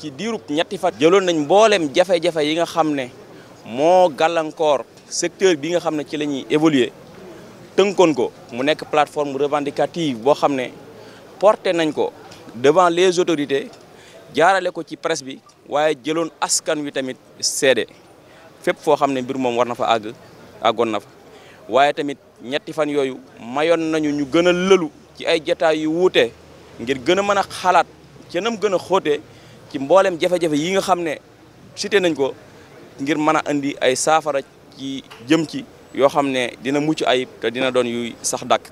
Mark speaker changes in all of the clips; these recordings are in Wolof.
Speaker 1: ci diirub ñetti fan. jëloon nañ mbooleem jafe-jafe yi nga xam ne moo gàllankoor secteur bi nga xam ne ci la ñuy évoluer tënkoon ko mu nekk plateforme revendicative boo xam ne porté nañ ko devant les autorités jaarale ko ci presse bi waaye jëloon askan wi tamit seede fépp foo xam ne mbir moom war na fa àgg àggoon na fa waaye tamit ñetti fan yooyu mayoon nañu ñu gën a lëlu ci ay jataay yu wuute ngir gën a mën a xalaat ca nam gën a xóotee ci mboolem jafe-jafe yi nga xam ne cité nañ ko ngir mën a indi ay saafara ci jëm ci yoo xam ne dina mucc ayib te dina doon yuy sax dakk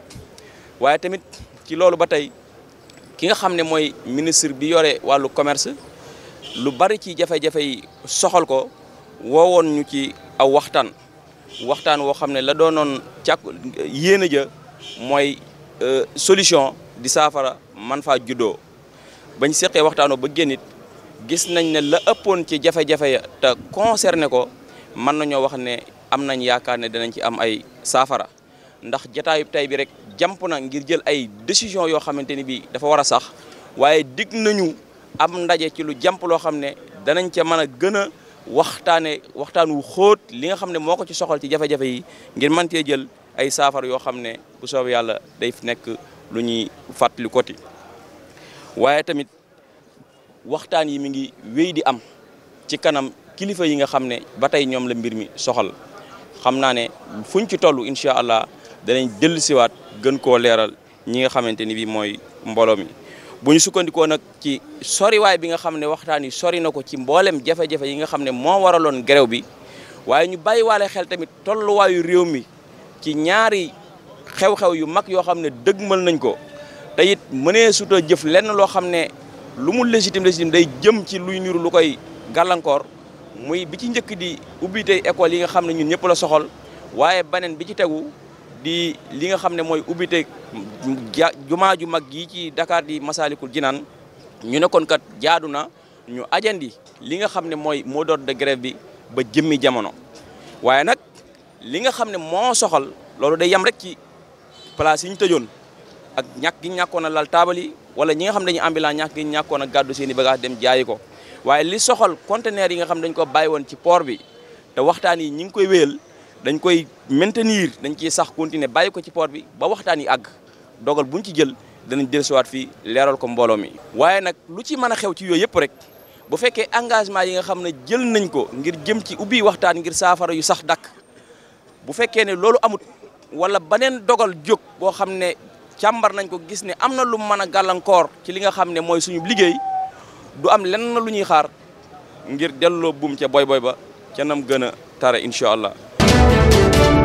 Speaker 1: waaye tamit ci loolu ba tey ki nga xam ne mooy ministre bi yore wàllu commerce lu bari ci jafe-jafe yi soxal ko woowoon ñu ci aw waxtaan waxtaan woo xam ne la doonoon càkk yéen a ja mooy euh, solution di saafara man faa juddoo bañ seqee waxtaanoo ba génnit gis nañ ne la ëppoon ci jafe-jafe ya concerné ko mën nañoo wax ne am nañ yaakaar ne danañ ci am ay saafara ndax jataayub tey bi rek jàmp na ngir jël ay décision yoo xamante ni bii dafa war a sax waaye dig nañu am ndaje ci lu jàmp loo xam ne danañ ca mën a gën a waxtaane waxtaan wu xóot li nga xam ne moo ko ci soxal ci jafe-jafe yi ngir mën cee jël ay saafara yoo xam ne bu soobee yàlla day nekk lu ñuy fàttali koti waaye tamit waxtaan yi mi ngi wéy di am ci kanam kilifa yi nga xam ne ba tey ñoom la mbir mi soxal xam naa ne fuñ ci toll incha allah danañ dellu siwaat gën koo leeral ñi nga xamante ni bii mooy mbooloo mi. bu ñu sukkandikoo nag ci soriwaay bi nga xam ne waxtaan yi sori na ko ci mboolem jafe-jafe yi nga xam ne moo waraloon grève bi waaye ñu bàyyiwaale xel tamit tolluwaayu réew mi ci ñaari xew-xew yu mag yoo xam ne dëgg dëgmal nañ ko te it jëf lenn lu mu légitime légitime day jëm ci luy niru lu koy gàllankoor muy bi ci njëkk di ubbi école yi nga xam ne ñun ñëpp la soxal waaye beneen bi ci tegu di li nga xam ne mooy ubbi tey jumaa ju mag yi ci Dakar di Masaalikul Jinaan ñu nekkoon kat jaadu na ñu ajandi li nga xam ne mooy mot d'ordre de grève bi ba jëmmi jamono waaye nag li nga xam ne moo soxal loolu day yem rek ci place yiñ ñu tëjoon ak ñàkk gi ñàkkoon a lal taabal yi wala ñi nga xam dañu ambulant ñàkk gi ñàkkoon a gàddu seen i bagage dem jaayi ko waaye li soxal conteneur yi nga xam dañ ko bàyyi woon ci port bi te waxtaan yi ñi ngi koy wéyal dañ koy maintenir dañ ciy sax continuer bàyyi ko ci port bi ba waxtaan yi àgg dogal buñ ci jël danañ dellusiwaat fii leeral ko mbooloo mi waaye nag lu ci mën a xew ci yooyu yëpp rek bu fekkee engagement yi nga xam ne jël nañ ko ngir jëm ci ubbi waxtaan ngir saafara yu sax dakk bu fekkee ne loolu amut wala beneen dogal jóg boo xam ne càmbar nañ ko gis ne am na lu mën a gàllankoor ci li nga xam ne mooy suñu liggéey du am lenn lu ñuy xaar ngir delloo buum ca boy boy ba ca nam gën a tare incha allah